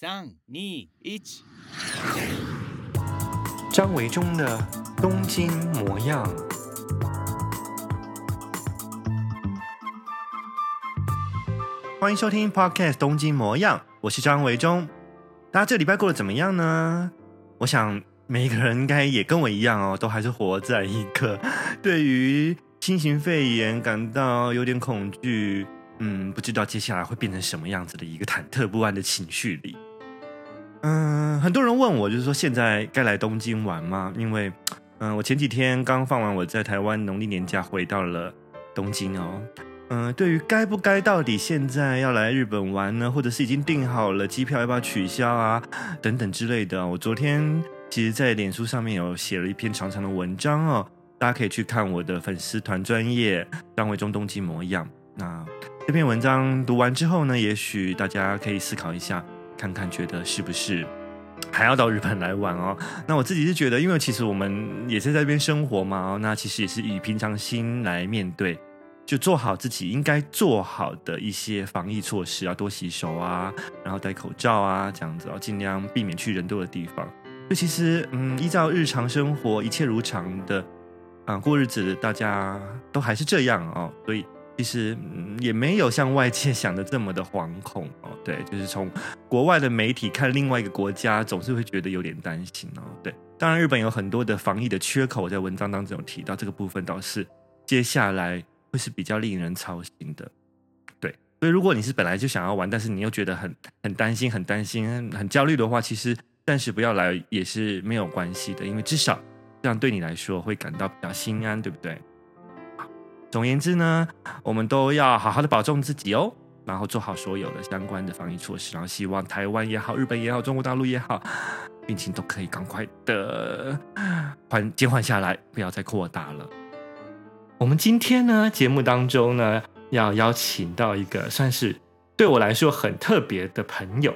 三、二、一。張維中的東京模樣，歡迎收聽 Podcast《東京模樣》，我是張維中。大家這禮拜過得怎麼樣呢？我想每個人應該也跟我一樣哦，都還是活在一個對於新型肺炎感到有點恐懼，嗯，不知道接下來會變成什麼樣子的一個忐忑不安的情緒裡。嗯、呃，很多人問我，就是說，現在該來東京玩嗎？因為，嗯、呃，我前幾天剛放完我在台灣農曆年假，回到了東京哦。嗯、呃，對於該不該到底現在要來日本玩呢，或者是已經訂好了機票要不要取消啊，等等之類的，我昨天其實在臉書上面有寫了一篇長長的文章哦，大家可以去看我的粉絲團專頁張維中東京模樣。那這篇文章讀完之後呢，也許大家可以思考一下。看看覺得是不是還要到日本來玩哦？那我自己是覺得，因為其實我們也是在這邊生活嘛，那其實也是以平常心來面對，就做好自己應該做好的一些防疫措施啊，多洗手啊，然後戴口罩啊，這樣子，哦，盡量避免去人多的地方。就其實，嗯，依照日常生活，一切如常的啊，過日子，大家都還是這樣啊，哦，所以。其實也沒有像外界想的這麼的惶恐哦，對，就是從國外的媒體看另外一個國家，總是會覺得有點擔心哦，對。當然，日本有很多的防疫的缺口，在文章當中有提到這個部分，倒是接下來會是比較令人操心的。對，所以如果你是本來就想要玩，但是你又覺得很很擔心、很擔心、很焦慮的話，其實暫時不要來也是沒有關係的，因為至少這樣對你來說會感到比較心安，對不對？總言之呢，我們都要好好的保重自己哦，然後做好所有的相關的防疫措施，然後希望台灣也好，日本也好，中國大陸也好，病情都可以趕快的緩減緩下來，不要再擴大了。我們今天呢，節目當中呢，要邀請到一個算是對我來說很特別的朋友。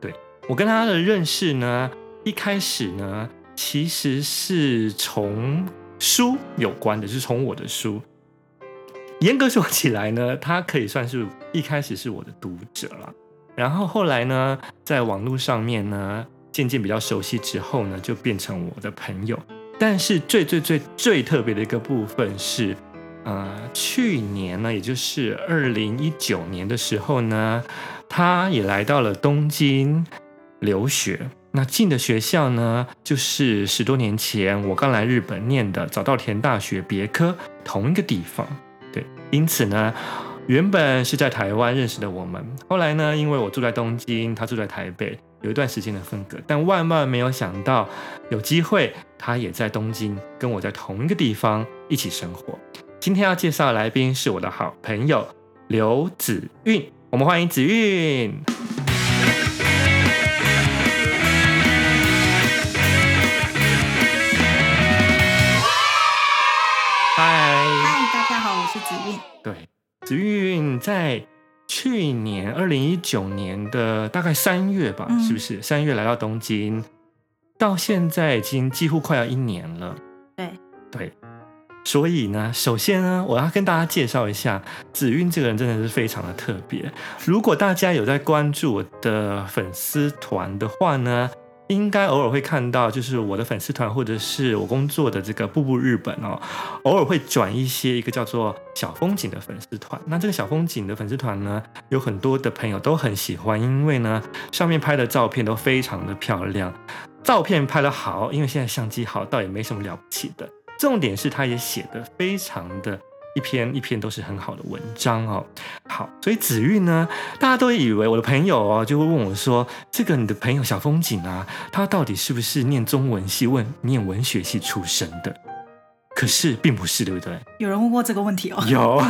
對，我跟他的認識呢，一開始呢，其實是從書有關的，是從我的書。嚴格說起來呢，他可以算是一開始是我的讀者了，然後後來呢，在網絡上面呢，漸漸比較熟悉之後呢，就變成我的朋友。但是最最最最特別的一個部分是，呃，去年呢，也就是二零一九年的時候呢，他也來到了東京留學，那進的學校呢，就是十多年前我剛來日本念的早稻田大學別科同一個地方。因此呢，原本是在台灣認識的我們，後來呢，因為我住在東京，他住在台北，有一段時間的分隔，但萬萬沒有想到，有機會他也在東京，跟我在同一個地方一起生活。今天要介紹的來賓是我的好朋友劉子韻，我們歡迎子韻。對，子韻在去年二零一九年的大概三月吧，是不是？嗯，三月來到東京，到現在已經幾乎快要一年了。對對，所以呢，首先呢，我要跟大家介紹一下子韻這個人，真的是非常的特別。如果大家有在關注我的粉絲團的話呢，應該偶爾會看到，就是我的粉絲團或者是我工作的這個步步日本哦，偶爾會轉一些一個叫做小風景的粉絲團。那這個小風景的粉絲團呢，有很多的朋友都很喜歡，因為呢上面拍的照片都非常的漂亮，照片拍得好，因為現在相機好倒也沒什麼了不起的，重點是他也寫得非常的。一篇一篇都是很好的文章哦，好，所以子韻呢，大家都以為我的朋友哦，就會問我說，這個你的朋友小風景啊，他到底是不是念中文系，問念文學系出身的？可是並不是，對不對？有人問過這個問題哦，有，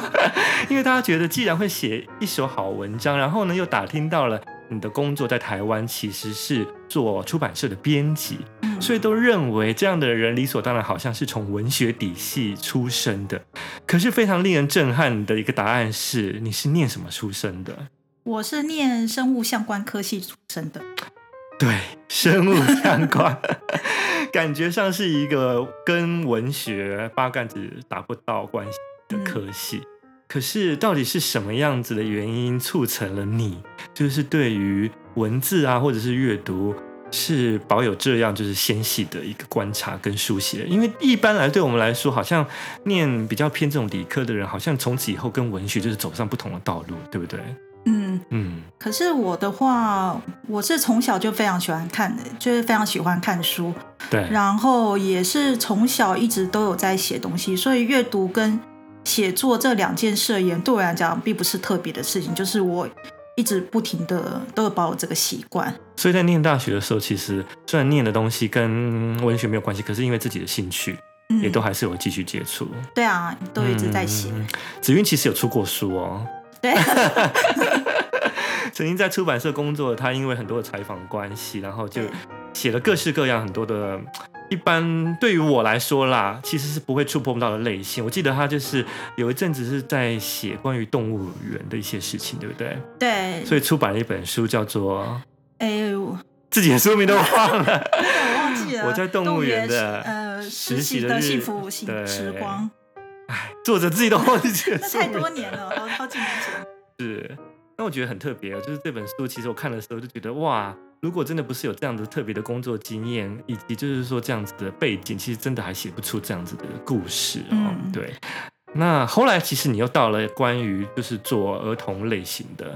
因為大家覺得既然會寫一手好文章，然後呢，又打聽到了。你的工作在台灣其實是做出版社的編輯，嗯，所以都認為這樣的人理所當然好像是從文學底細出身的，可是非常令人震撼的一個答案是，你是念什麼出身的？我是念生物相關科系出身的。對，生物相關， 感覺上是一個跟文學八竿子打不到關係的科系。嗯可是，到底是什麼樣子的原因促成了你？就是對於文字啊，或者是閱讀，是保有這樣就是纖細的一個觀察跟書寫？因為一般來，對我們來說，好像念比較偏這種理科的人，好像從此以後跟文學就是走上不同的道路，對不對？嗯嗯。可是我的話，我是從小就非常喜歡看的，就是非常喜歡看書。對。然後也是從小一直都有在寫東西，所以閱讀跟。寫作這兩件事，也對我來講並不是特別的事情，就是我一直不停的都有保持這個習慣。所以，在念大學的時候，其實雖然念的東西跟文學沒有關係，可是因為自己的興趣，嗯、也都還是有繼續接觸。對啊，都一直在寫、嗯。子韻其實有出過書哦，對， 曾經在出版社工作，他因為很多的採訪關係，然後就寫了各式各樣很多的。一般對於我來說啦，其實是不會觸碰到的類型。我記得他就是有一陣子是在寫關於動物園的一些事情，對不對？對。所以出版了一本書，叫做《哎，自己的書名都忘了》哎， 我忘了。 我在動物園的，的呃實習的幸福時時光。哎，作者自己都忘記了， 太多年了，好好幾年前。是，那我覺得很特別啊，就是這本書，其實我看的時候就覺得哇。如果真的不是有這樣的特別的工作經驗，以及就是說這樣子的背景，其實真的還寫不出這樣子的故事。哦、嗯，對，那後來其實你又到了關於就是做兒童類型的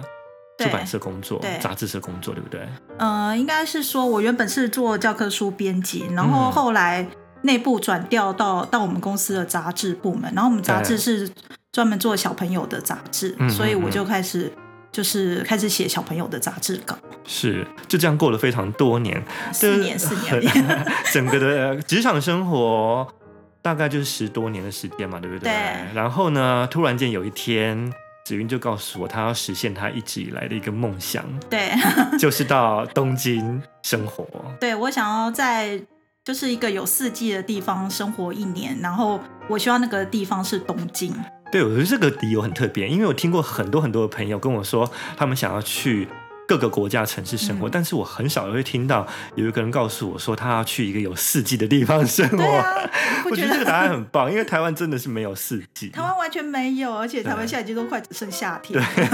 出版社工作、雜誌社工作，對不對？嗯、呃，應該是說我原本是做教科書編輯，然後後來內部轉調到、嗯、到我們公司的雜誌部門，然後我們雜誌是專門做小朋友的雜誌，所以我就開始。就是開始寫小朋友的雜誌稿，是就這樣過了非常多年，四年四年， 整個的職場生活大概就是十多年的時間嘛，對不對？對。然後呢，突然間有一天，子韻就告訴我，他要實現他一直以來的一個夢想，對， 就是到東京生活。對，我想要在就是一個有四季的地方生活一年，然後我希望那個地方是東京。對，我覺得這個理由很特別，因為我聽過很多很多的朋友跟我說，他們想要去各個國家城市生活、嗯，但是我很少會聽到有一個人告訴我說他要去一個有四季的地方生活。對啊，我覺得這個答案很棒，因為台灣真的是沒有四季。台灣完全沒有，而且台灣現在都快只剩夏天。對，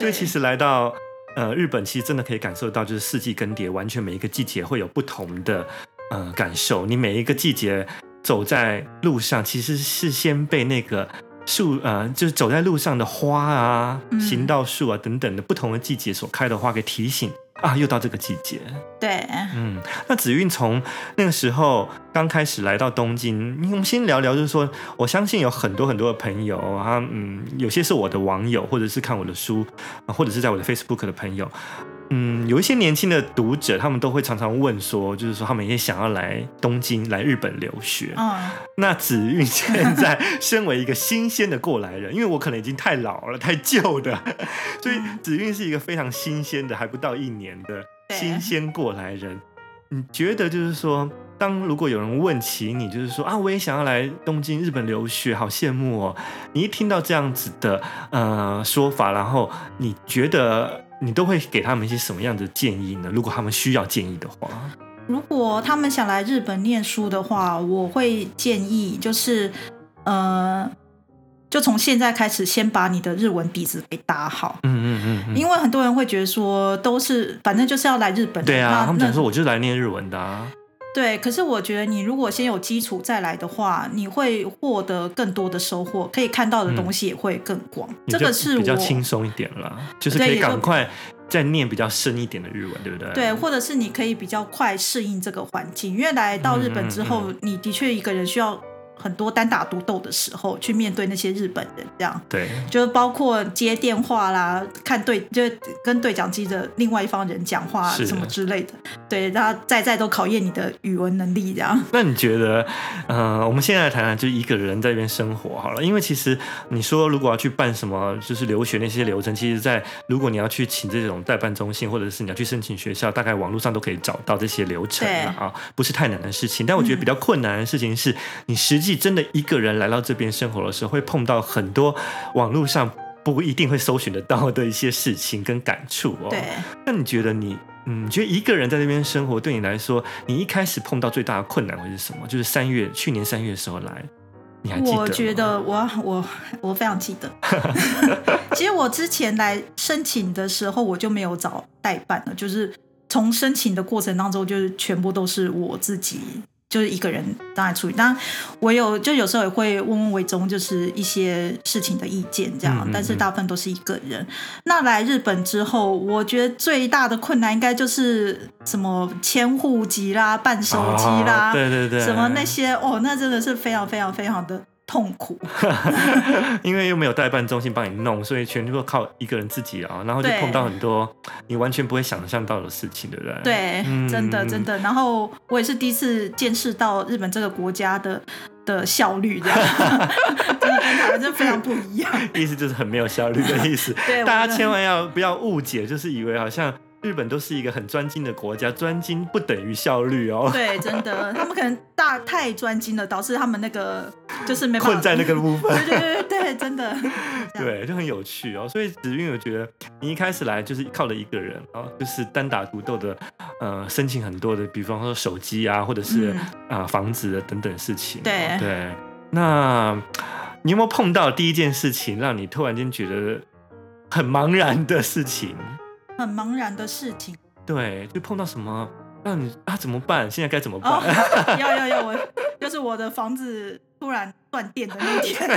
因為其實來到呃日本，其實真的可以感受到就是四季更迭，完全每一個季節會有不同的呃感受。你每一個季節。走在路上，其實是先被那個樹，呃，就是走在路上的花啊，嗯、行道樹啊等等的不同的季節所開的花給提醒啊，又到這個季節。對，嗯，那子韻從那個時候剛開始來到東京，我們先聊聊，就是說，我相信有很多很多的朋友啊，嗯，有些是我的網友，或者是看我的書，啊、或者是在我的 Facebook 的朋友。嗯，有一些年輕的讀者，他們都會常常問說，就是說他們也想要來東京來日本留學。哦。那子韻現在身為一個新鮮的過來人， 因為我可能已經太老了，太舊的，所以子韻是一個非常新鮮的，還不到一年的新鮮過來人。你覺得就是說，當如果有人問起你，就是說啊，我也想要來東京日本留學，好羨慕哦。你一聽到這樣子的呃說法，然後你覺得？你都會給他們一些什麼樣的建議呢？如果他們需要建議的話，如果他們想來日本念書的話，我會建議就是，呃，就從現在開始先把你的日文底子給打好。嗯嗯嗯嗯，因為很多人會覺得說，都是反正就是要來日本。對啊，他們講說我就來念日文的啊。對，可是我覺得你如果先有基礎再來的話，你會獲得更多的收穫，可以看到的東西也會更廣。這個是比較輕鬆一點啦、這個，就是可以趕快再念比較深一點的日文，對不對？對，或者是你可以比較快適應這個環境，因為來到日本之後，嗯嗯嗯、你的確一個人需要。很多單打獨鬥的時候去面對那些日本人，這樣，對，就是包括接電話啦、看對，就跟對講機的另外一方人講話、啊、什麼之類的，對，那再再都考驗你的語文能力這樣。那你覺得，呃，我們現在來談談，就一個人在那邊生活好了，因為其實你說如果要去辦什麼，就是留學那些流程，嗯、其實在，在如果你要去請這種代辦中心，或者是你要去申請學校，大概網絡上都可以找到這些流程，對啊，不是太難的事情。但我覺得比較困難的事情是你實際其實真的一個人來到這邊生活的時候，會碰到很多網絡上不一定會搜尋得到的一些事情跟感觸哦。對，那你覺得你，嗯，你覺得一個人在那邊生活，對你來說，你一開始碰到最大的困難會是什麼？就是三月，去年三月的時候來，你還記得？我覺得我我我非常記得。 其實我之前來申請的時候，我就沒有找代辦了，就是從申請的過程當中，就是全部都是我自己。就是一個人當然出去，但我有就有時候也會問問維中，就是一些事情的意見這樣嗯，嗯，嗯，但是大部分都是一個人。那來日本之後，我覺得最大的困難應該就是什麼遷戶籍啦、辦手機啦、哦，對對對，什麼那些哦，那真的是非常非常非常的。痛苦 因為又沒有代辦中心幫你弄，所以全部靠一個人自己啊，然後就碰到很多你完全不會想象到的事情的人。對，對，對、嗯，真的真的。然後我也是第一次見識到日本這個國家的的效率這樣， 真的跟他們真的非常不一樣。 意思就是很沒有效率的意思 對，大家千萬要不要誤解，就是以為好像。日本都是一個很專精的國家，專精不等於效率哦。對，真的，他們可能大 太專精了，導致他們那個就是沒。困在那個部分。 對對對對，對真的，就是。對，就很有趣哦。所以子韻，我覺得你一開始來就是靠了一個人啊，哦，就是單打獨鬥的，呃，申請很多的，比方說手機啊，或者是啊，嗯呃、房子等等事情，哦。對對，那你有沒有碰到第一件事情，讓你突然間覺得很茫然的事情？很茫然的事情，對，就碰到什麼讓你啊怎麼辦？現在該怎麼辦？要要要我， 就是我的房子突然斷電的那一天。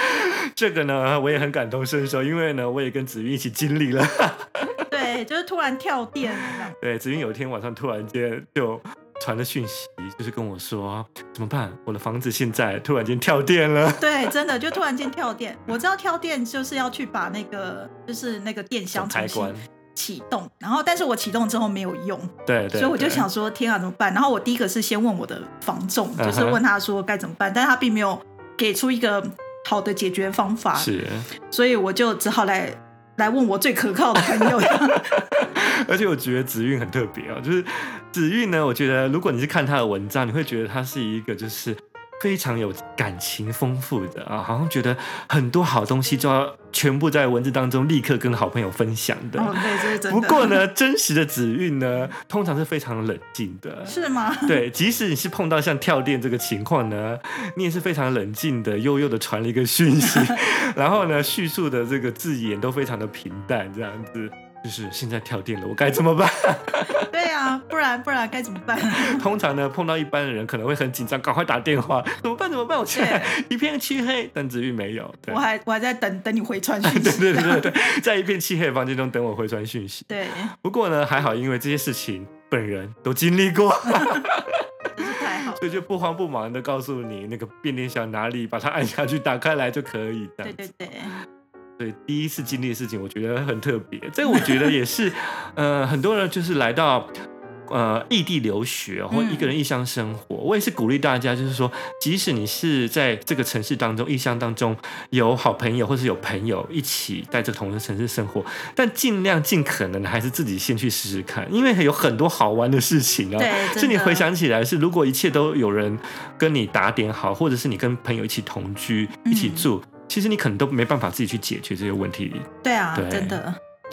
這個呢，我也很感同身受，因為呢，我也跟子韻一起經歷了。 對，就是突然跳電。 對，子韻有一天晚上突然間就傳了訊息，就是跟我說：“怎麼辦？我的房子現在突然間跳電了。 ”對，真的就突然間跳電。我知道跳電就是要去把那個就是那個電箱拆關啟動，然後但是我啟動之後沒有用，對，對，對，所以我就想說天啊怎麼辦？然後我第一個是先問我的房仲，就是問他說該怎麼辦，Uh-huh. 但他並沒有給出一個好的解決方法，是，所以我就只好來來問我最可靠的朋友。 而且我覺得子韻很特別啊，就是子韻呢，我覺得如果你是看他的文章，你會覺得他是一個就是。非常有感情豐富的啊，好像覺得很多好東西就要全部在文字當中立刻跟好朋友分享的。哦，對，就是真的。不過呢，真實的子韻呢，通常是非常冷靜的。是嗎？對，即使你是碰到像跳電這個情況呢，你也是非常冷靜的，悠悠的傳了一個訊息， 然後呢，敘述的這個字眼都非常的平淡，這樣子。就是現在跳電了，我該怎麼辦？對呀、啊，不然不然該怎麼辦 通常呢，碰到一般的人可能會很緊張，趕快打電話， 怎麼辦？怎麼辦？對，我現在一片漆黑，但子韻沒有，對，我還我還在等等你回傳訊息。 對，對對對對，在一片漆黑的房間中等我回傳訊息。對，不過呢還好，因為這些事情本人都經歷過， 是太好，所以就不慌不忙的告訴你那個變電箱哪裡，把它按下去，打開來就可以。對對對。對，第一次經歷的事情，我覺得很特別。這個我覺得也是， 呃，很多人就是來到呃異地留學，然後一個人異鄉生活、嗯。我也是鼓勵大家，就是說，即使你是在這個城市當中，異鄉當中有好朋友，或是有朋友一起在這同一個城市生活，但盡量盡可能還是自己先去試試看，因為有很多好玩的事情啊。是你回想起來是，是如果一切都有人跟你打點好，或者是你跟朋友一起同居、嗯、一起住。其實你可能都沒辦法自己去解決這些問題，對啊，對，真的，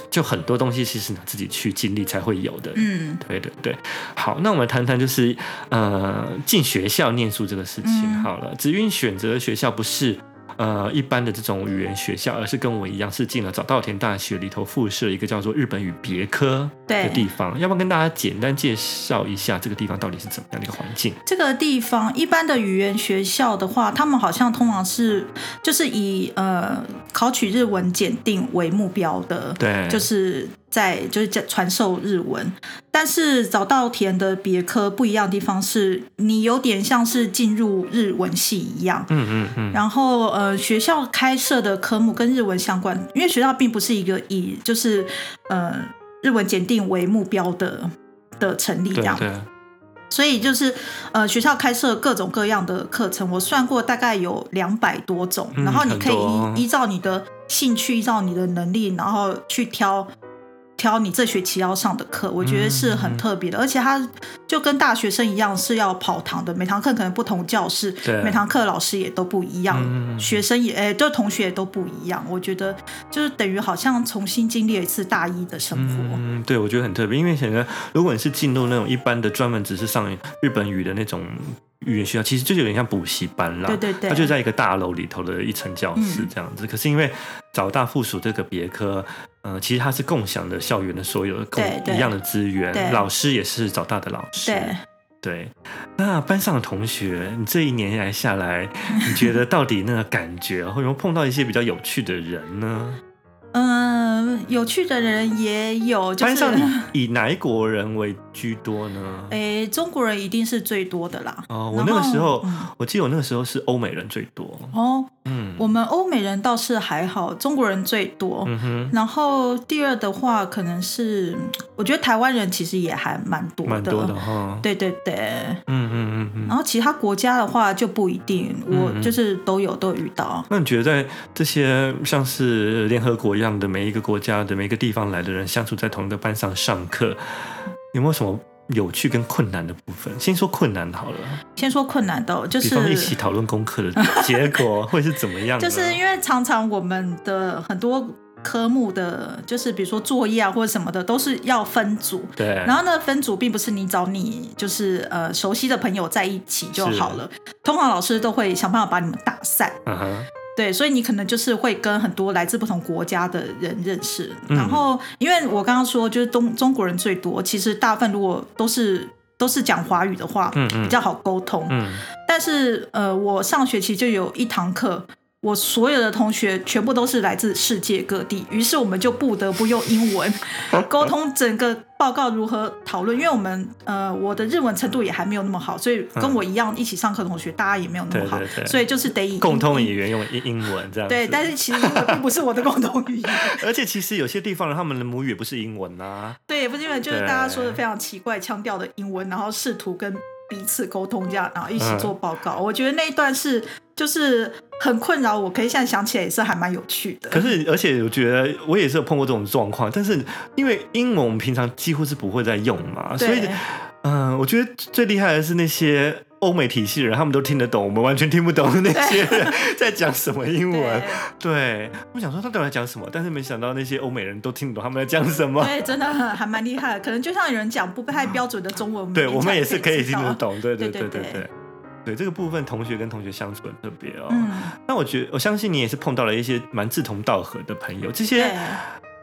就很多東西其實你自己去經歷才會有的，嗯，對的，對。好，那我們談談就是呃進學校念書這個事情。嗯、好了，子韻選擇學校不是，呃，一般的這種語言學校，而是跟我一樣是進了早稻田大學裡頭附設一個叫做日本語別科的地方。對。要不要跟大家簡單介紹一下這個地方到底是怎麼樣的一個環境？這個地方，一般的語言學校的話，他們好像通常是就是以呃考取日文檢定為目標的，對，就是。在就是教傳授日文，但是早稻田的別科不一樣的地方是你有點像是進入日文系一樣，嗯嗯嗯。然後呃，學校開設的科目跟日文相關，因為學校並不是一個以就是呃日文檢定為目標的的成立這樣，對。對，所以就是呃，學校開設各種各樣的課程，我算過大概有兩百多種，嗯，然後你可以依、哦、依照你的興趣，依照你的能力，然後去挑。挑你這學期要上的課，我覺得是很特別的，嗯、而且他就跟大學生一樣是要跑堂的，每堂課可能不同教室，每堂課老師也都不一樣，嗯、學生也誒、哎，就同學也都不一樣。我覺得就是等於好像重新經歷了一次大一的生活。嗯，對，我覺得很特別，因為顯得如果你是進入那種一般的專門只是上日本語的那種，語言學校其實就有點像補習班啦，它，對對對，就在一個大樓裡頭的一層教室這樣子、嗯。可是因為早大附屬這個別科，嗯、呃，其實它是共享的校園的所有的共對對對，一樣的資源，老師也是早大的老師對。對，那班上的同學，你這一年來下來，你覺得到底那個感覺，或者有沒有碰到一些比較有趣的人呢？ 嗯，有趣的人也有。就是、班上以哪一國人為居多呢？誒、欸，中國人一定是最多的啦。哦，我那個時候，我記得我那個時候是歐美人最多哦。嗯，我們歐美人倒是還好，中國人最多。嗯哼。然後第二的話，可能是我覺得台灣人其實也還蠻多的，蠻多的哦，對對對，嗯嗯嗯嗯。然後其他國家的話就不一定，嗯嗯，我就是都有都有遇到。那你覺得在這些像是聯合國一樣的每一個國家的每一個地方來的人，相處在同一個班上上課，有沒有什麼？有趣跟困難的部分，先說困難好了。先說困難的，就是一起討論功課的結果會是怎麼樣的？ 就是因為常常我們的很多科目的，就是比如說作業啊或者什麼的，都是要分組。對。然後呢，分組並不是你找你就是呃熟悉的朋友在一起就好了。通常老師都會想辦法把你們打散。Uh-huh. 對，所以你可能就是會跟很多來自不同國家的人認識，嗯、然後因為我剛剛說就是中國人最多，其實大部分如果都是都是講華語的話，嗯嗯比較好溝通。嗯、但是呃，我上學期就有一堂課。我所有的同學全部都是來自世界各地，於是我們就不得不用英文溝 通，整個報告如何討論。因為我們呃，我的日文程度也還沒有那麼好，所以跟我一樣一起上課的同學、嗯、大家也沒有那麼好，對對對，所以就是得以共同語言用英文這樣。對，但是其實英文並不是我的共同語言。 而且其實有些地方的他們的母語也不是英文啊。對，不是英文就是大家說的非常奇怪腔調的英文，然後試圖跟彼此溝通這樣，然後一起做報告。嗯、我覺得那一段是就是很困擾我，可以現在想起來也是還蠻有趣的。可是，而且我覺得我也是有碰過這種狀況，但是因為英文我們平常幾乎是不會再用嘛，所以，嗯、呃，我覺得最厲害的是那些歐美體系的人，他們都聽得懂，我們完全聽不懂那些在講什麼英文。對，對我想說他到底在講什麼，但是沒想到那些歐美人都聽得懂他們在講什麼。對，真的還蠻厲害的。可能就像有人講不太標準的中文，我 對我們也是可以聽得懂。對,對，對,對,對，對，對，對。對這個部分，同學跟同學相處很特別哦。嗯，那我覺得，我相信你也是碰到了一些蠻志同道合的朋友。這些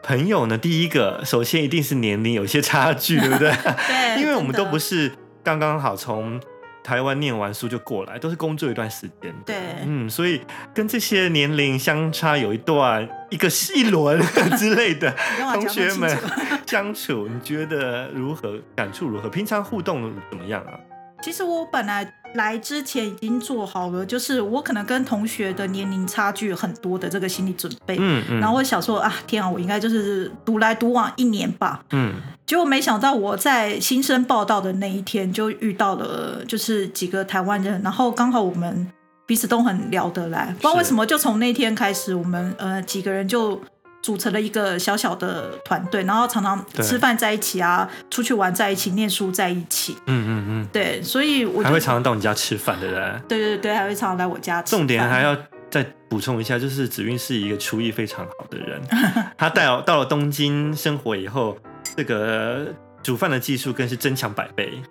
朋友呢，啊、第一個，首先一定是年齡有些差距，對不對？對。因為我們都不是剛剛好從台灣念完書就過來，都是工作一段時間。對。嗯，所以跟這些年齡相差有一段一個一輪 之類的 跟、啊、同學們相處， 你覺得如何？感觸如何？平常互動怎麼樣啊？其實我本來。來之前已經做好了，就是我可能跟同學的年齡差距很多的這個心理準備。嗯嗯。然後我想說啊，天啊，我應該就是獨來獨往一年吧。嗯。結果沒想到我在新生報道的那一天就遇到了，就是幾個台灣人，然後剛好我們彼此都很聊得來，不知道為什麼，就從那天開始，我們呃幾個人就。組成了一個小小的團隊，然後常常吃飯在一起啊，出去玩在一起，念書在一起。嗯嗯嗯。對，所以我就還會常常到你家吃飯的，的人。對對對，對還會常常來我家吃飯。重點還要再補充一下，就是子韻是一個廚藝非常好的人。 他到了到了東京生活以後， 這個煮飯的技術更是增強百倍。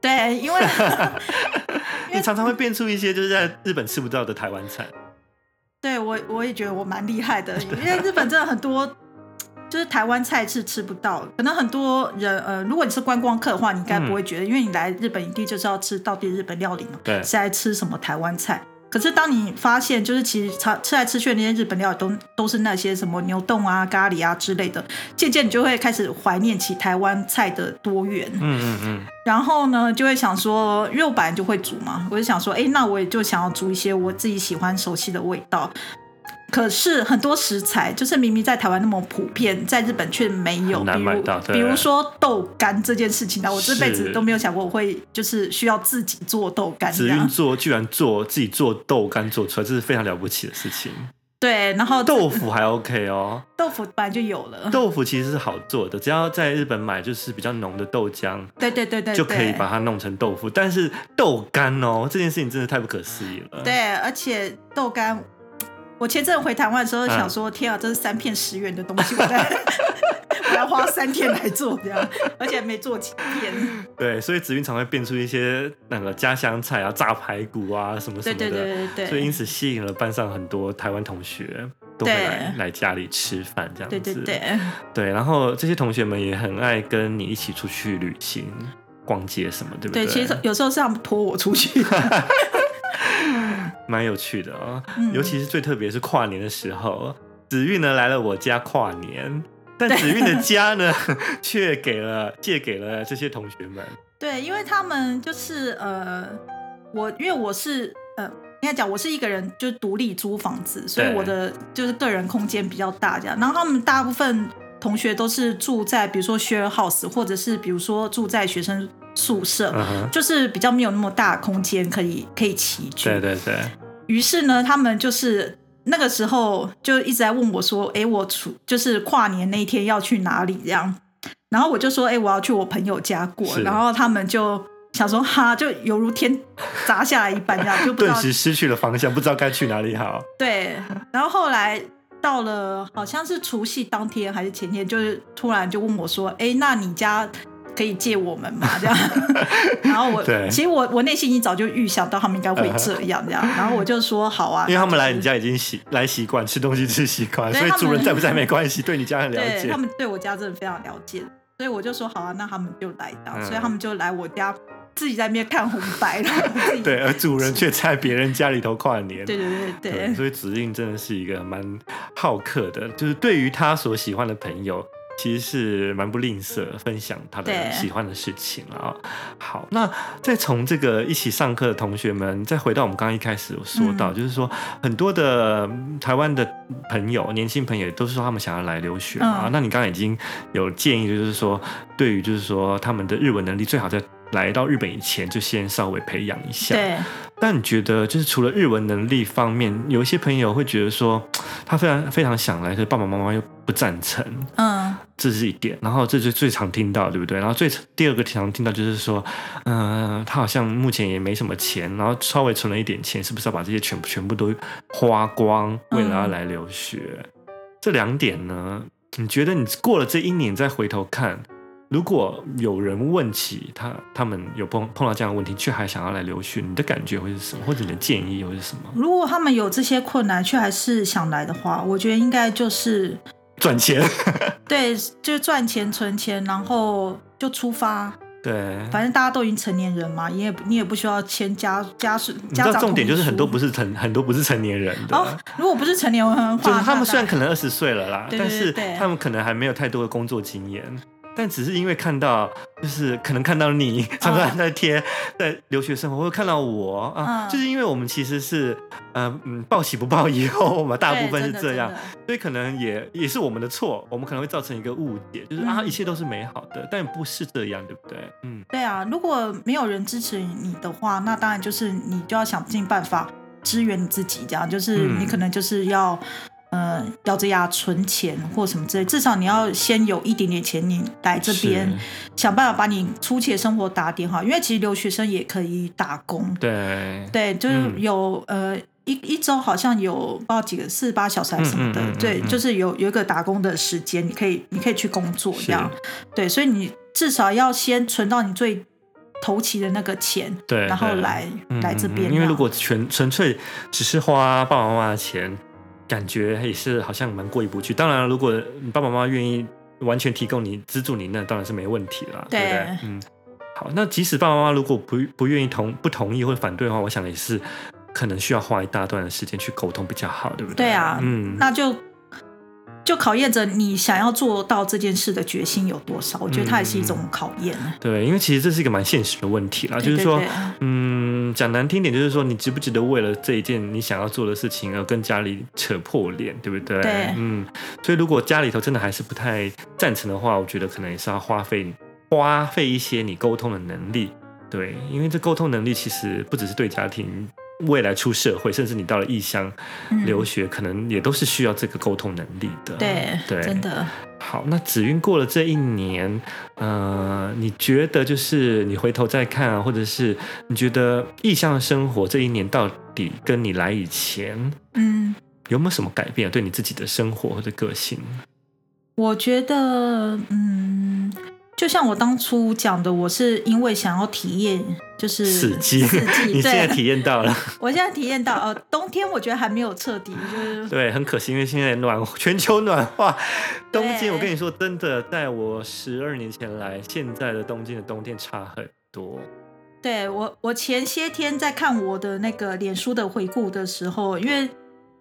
對，因為 你常常會變出一些就是在日本吃不到的台灣菜。對，我我也覺得我蠻厲害的，因為日本真的很多， 就是台灣菜是吃不到，可能很多人呃，如果你是觀光客的話，你應該不會覺得，嗯，因為你來日本一定就是要吃道地日本料理嘛，對，是來吃什麼台灣菜。可是當你發現，就是其實吃來吃去那些日本料理都都是那些什麼牛丼啊、咖喱啊之類的，漸漸你就會開始懷念起台灣菜的多元。嗯嗯嗯。然後呢，就會想說肉板就會煮嘛，我就想說，哎，那我也就想要煮一些我自己喜歡、熟悉的味道。可是很多食材就是明明在台灣那麼普遍，在日本卻沒有，很難買到，比如比如說豆乾這件事情啊，我這輩子都沒有想過我會就是需要自己做豆乾。子韻做，居然做自己做豆乾做出來，這是非常了不起的事情。對，然後豆腐還 OK 哦，豆腐本來就有了。豆腐其實是好做的，只要在日本買就是比較濃的豆漿，對對，對對對對，就可以把它弄成豆腐。但是豆乾哦，這件事情真的太不可思議了。對，而且豆乾。我前陣回台灣的時候，想說啊天啊，這是三片十元的東西，我 來我要花三天來做這樣，而且還沒做幾片。對，所以子韻常會變出一些那個家鄉菜啊，炸排骨啊什麼什麼的，對對對對對，所以因此吸引了班上很多台灣同學都會來來家裡吃飯這樣子。對,對對對，對。然後這些同學們也很愛跟你一起出去旅行、逛街什麼，對不對？對，其實有時候是要拖我出去。 蠻有趣的啊、哦嗯，尤其是最特別是跨年的時候，子韻呢，來了我家跨年，但子韻的家呢， 卻給了借給了這些同學們。對，因為他們就是呃，我因為我是呃，應該講我是一個人就獨立租房子，所以我的就是個人空間比較大這樣。然後他們大部分。同學都是住在，比如說 share house，或者是比如說住在學生宿舍，uh -huh. 就是比較沒有那麼大空間可以可以聚集。對對對。於是呢，他們就是那個時候就一直在問我說：“哎、欸，我出就是跨年那一天要去哪裡？”這樣。然後我就說：“哎、欸，我要去我朋友家過。”然後他們就想說：“哈，就猶如天砸下來一般，這樣 就頓時失去了方向，不知道該去哪裡好。”對。然後後來。到了好像是除夕當天還是前天，就是突然就問我說：“哎，那你家可以借我們嗎？”這樣， 然後我對，其實我我內心已經早就預想到他們應該會這樣這樣， 然後我就說好啊，因為他們來你家已經習 來習慣吃東西吃習慣，所以主人在不在沒關係，對你家很了解。對，他們對我家真的非常了解，所以我就說好啊，那他們就來到、嗯，所以他們就來我家。自己在那邊看紅白了， 對，而主人卻在別人家裡頭跨年。 對對對對、嗯，所以子韻真的是一個蠻好客的，就是對於他所喜歡的朋友，其實是蠻不吝嗇分享他的喜歡的事情啊。好，那再從這個一起上課的同學們，再回到我們剛剛一開始有說到，嗯、就是說很多的台灣的朋友，年輕朋友都是說他們想要來留學啊、嗯。那你剛剛已經有建議，就是說對於就是說他們的日文能力最好在。來到日本以前就先稍微培養一下，對。但你覺得就是除了日文能力方面，有一些朋友會覺得說，他非常非常想來，可是爸爸媽媽又不贊成，嗯，這是一點。然後這是最常聽到，對不對？然後最，第二個常聽到就是說，嗯、呃，他好像目前也沒什麼錢，然後稍微存了一點錢，是不是要把這些全部全部都花光，為了要來留學、嗯？這兩點呢，你覺得你過了這一年再回頭看？如果有人問起他，他們有碰碰到這樣的問題，卻還想要來留學，你的感覺會是什麼？或者你的建議又是什麼？如果他們有這些困難，卻還是想來的話，我覺得應該就是賺錢。 對，就是賺錢存錢，然後就出發。對，反正大家都已經成年人嘛，也你也不需要簽家、家長同意書。你知道重點就是很多不是成、嗯、很多不是成年人的。哦，如果不是成年人的話，就是、他們雖然可能二十歲了啦，對對對對，但是他們可能還沒有太多的工作經驗。但只是因為看到，就是可能看到你、嗯、常常在貼，在留學生活，會看到我、嗯、啊，就是因為我們其實是嗯嗯、呃、報喜不報憂嘛，大部分是這樣，所以可能也也是我們的錯，我們可能會造成一個誤解，就是啊、嗯、一切都是美好的，但不是這樣，對不對？嗯，對啊、嗯，如果沒有人支持你的話，那當然就是你就要想盡辦法支援你自己，這樣就是你可能就是要。呃，咬着牙存錢或什麼之類，至少你要先有一點點錢，你來這邊想辦法把你初期的生活打點好。因為其實留學生也可以打工，對對，就是有、嗯、呃一一週好像有報幾個四十八小時還什麼的，嗯嗯嗯、對，就是有有一個打工的時間，你可以你可以去工作這樣。對，所以你至少要先存到你最頭期的那個錢，對，然後來來、嗯、來這邊。因為如果純純粹只是花爸爸媽媽的錢。感覺也是好像蠻過意不去。當然，如果你爸爸媽媽願意完全提供你資助你那，那當然是沒問題了對，對不對？嗯，好。那即使爸爸媽媽如果不不願意同不同意或反對的話，我想也是可能需要花一大段的時間去溝通比較好，對不對？對啊，嗯，那就就考驗着你想要做到這件事的決心有多少。我覺得它也是一種考驗。嗯。對，因為其實這是一個蠻現實的問題啦，就是說，嗯。嗯，講難聽點，就是說你值不值得為了這一件你想要做的事情而跟家裡扯破臉，對不對？對。嗯，所以如果家裡頭真的還是不太贊成的話，我覺得可能也是要花費花費一些你溝通的能力，對，因為這溝通能力其實不只是對家庭。未來出社會，甚至你到了異鄉留學，嗯，可能也都是需要這個溝通能力的。對，對，真的。好，那子韻過了這一年，呃，你覺得就是你回頭再看，啊，或者是你覺得異鄉的生活這一年到底跟你來以前，嗯，有沒有什麼改變，啊？對你自己的生活或者個性？我覺得，嗯。就像我當初講的，我是因為想要體驗，就是四季。你現在體驗到了，我現在體驗到，呃，冬天我覺得還沒有徹底，就是對，很可惜，因為現在暖，全球暖化，東京，我跟你說，真的，在我十二年前來，現在的東京的冬天差很多。對我，我前些天在看我的那個臉書的回顧的時候，因為。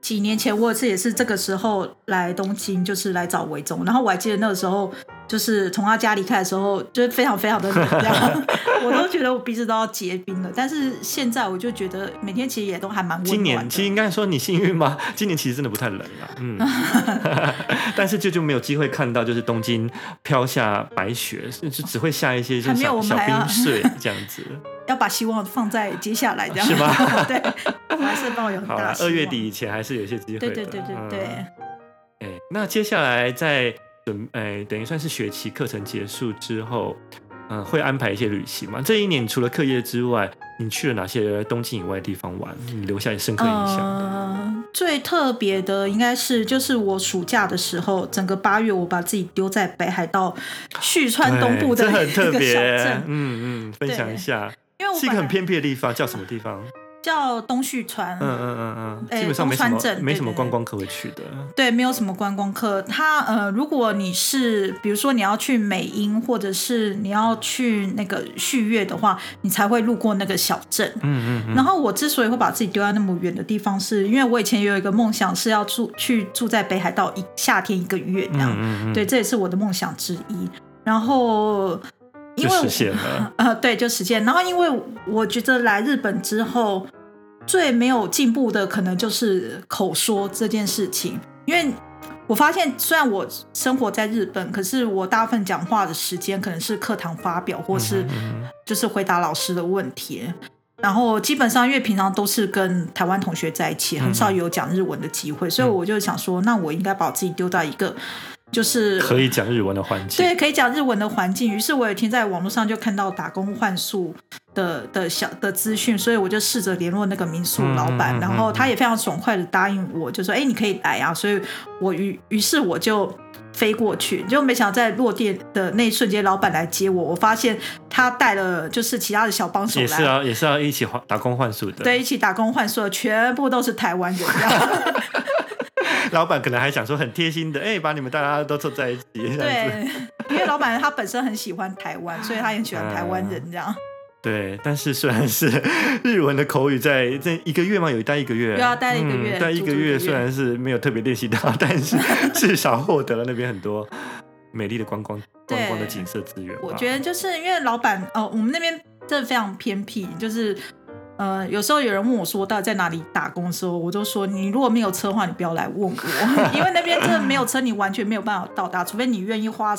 幾年前我也是，也是這個時候來東京，就是來找維中。然後我還記得那個時候，就是從他家離開的時候，就是非常非常的冷， 我都覺得我鼻子都要結冰了。但是現在我就覺得每天其實也都還蠻溫暖的。今年其實應該說你幸運嗎？今年其實真的不太冷了、啊。嗯， 但是就就沒有機會看到就是東京飄下白雪，就只會下一些就小,還沒有我們、啊、小冰水這樣子。要把希望放在接下來，這樣子是嗎？ 對，還是抱有很大希望。二、啊、月底以前還是有些機會的。對對對對對。嗯對欸、那接下來在準哎、欸，等於算是學期課程結束之後，嗯、呃，會安排一些旅行嗎？這一年除了課業之外，你去了哪些東京以外的地方玩？你留下一些深刻印象。嗯、呃，最特別的應該是就是我暑假的時候，整個八月我把自己丟在北海道旭川東部的一個小鎮，很特別嗯嗯，分享一下。是、這、一個很偏僻的地方，叫什麼地方叫東旭川。嗯嗯嗯嗯，基本上沒什麼，沒什麼觀光客會去的。對，沒有什麼觀光客。他呃，如果你是比如說你要去美瑛，或者是你要去那個旭月的話，你才會路過那個小鎮。嗯嗯，嗯。然後我之所以會把自己丟到那麼遠的地方是，是因為我以前也有一個夢想是要住去住在北海道一夏天一個月那樣、嗯嗯嗯。對，這也是我的夢想之一。然後。因為就實現了。呃，對，就實現。然後，因為我覺得來日本之後，最沒有進步的可能就是口說這件事情。因為我發現，雖然我生活在日本，可是我大部分講話的時間可能是課堂發表，或是就是回答老師的問題。嗯嗯嗯，然後基本上，因為平常都是跟台灣同學在一起，很少有講日文的機會嗯嗯，所以我就想說，那我應該把自己丟到一個。就是可以講日文的環境，對，可以講日文的環境。於是，我有一天在網絡上就看到打工換宿的的小的資訊，所以我就試着聯絡那個民宿老闆，嗯嗯、然後他也非常爽快的答應我，就說：“哎，你可以來啊。”所以我，我於於是我就飛過去，就沒想到在落地的那一瞬間，老板來接我，我發現他帶了就是其他的小幫手，也是啊，也是要、啊、一起打工換宿的，對，一起打工換宿的，全部都是台灣人。 老闆可能還想說很貼心的，哎、欸，把你們大家都湊在一起。對，因為老闆他本身很喜歡台灣，所以他也很喜歡台灣人這樣、呃。對，但是雖然是日文的口語在，在這一個月嗎？有待一個月、啊。對啊、嗯，待一個月。待一個月雖然是沒有特別練習到、啊，但是至少獲得了那邊很多美麗的觀光觀光，光，光的景色資源、啊。我覺得就是因為老闆哦、呃，我們那邊真的非常偏僻，就是。呃，有時候有人問我說到底在哪裡打工的時候，我就說你如果沒有車的話，你不要來問我，因為那邊真的沒有車，你完全沒有辦法到達，除非你願意花。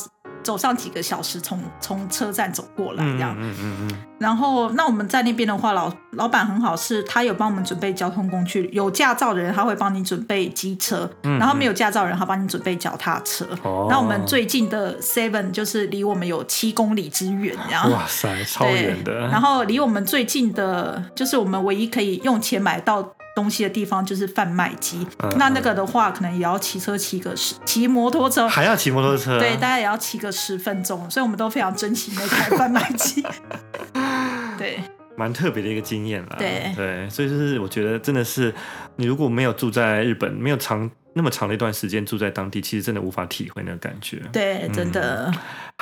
走上幾個小時從，從從車站走過來這樣、嗯嗯嗯。然後，那我們在那邊的話，老老闆很好是，是他有幫我們準備交通工具。有駕照的人，他會幫你準備機車；嗯、然後沒有駕照的人，他幫你準備腳踏車。那、哦、我們最近的 Seven 就是離我們有七公里之遠，然後，哇塞，超遠的。然後離我們最近的就是我們唯一可以用錢買到東西的地方就是販賣機、嗯，那那個的話，可能也要騎車騎個十，騎摩托車還要騎摩托車，托車啊、對，大家也要騎個十分鐘，所以我們都非常珍惜那台販賣機， 對，蠻特別的一個經驗了，對對，所以就是我覺得真的是，你如果沒有住在日本，沒有長那麼長的一段時間住在當地，其實真的無法體會那個感覺，對，嗯、真的。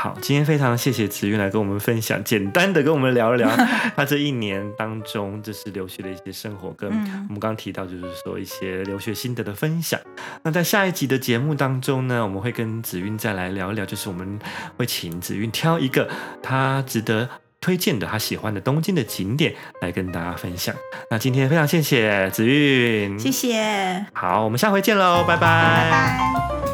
好，今天非常謝謝子韻來跟我們分享，簡單的跟我們聊一聊她這一年當中就是留學的一些生活，跟我們剛剛提到就是說一些留學心得的分享。嗯、那在下一集的節目當中呢，我們會跟子韻再來聊一聊，就是我們會請子韻挑一個她值得推薦的、她喜歡的東京的景點來跟大家分享。那今天非常謝謝子韻，謝謝。好，我們下回見嘍，拜拜。拜拜。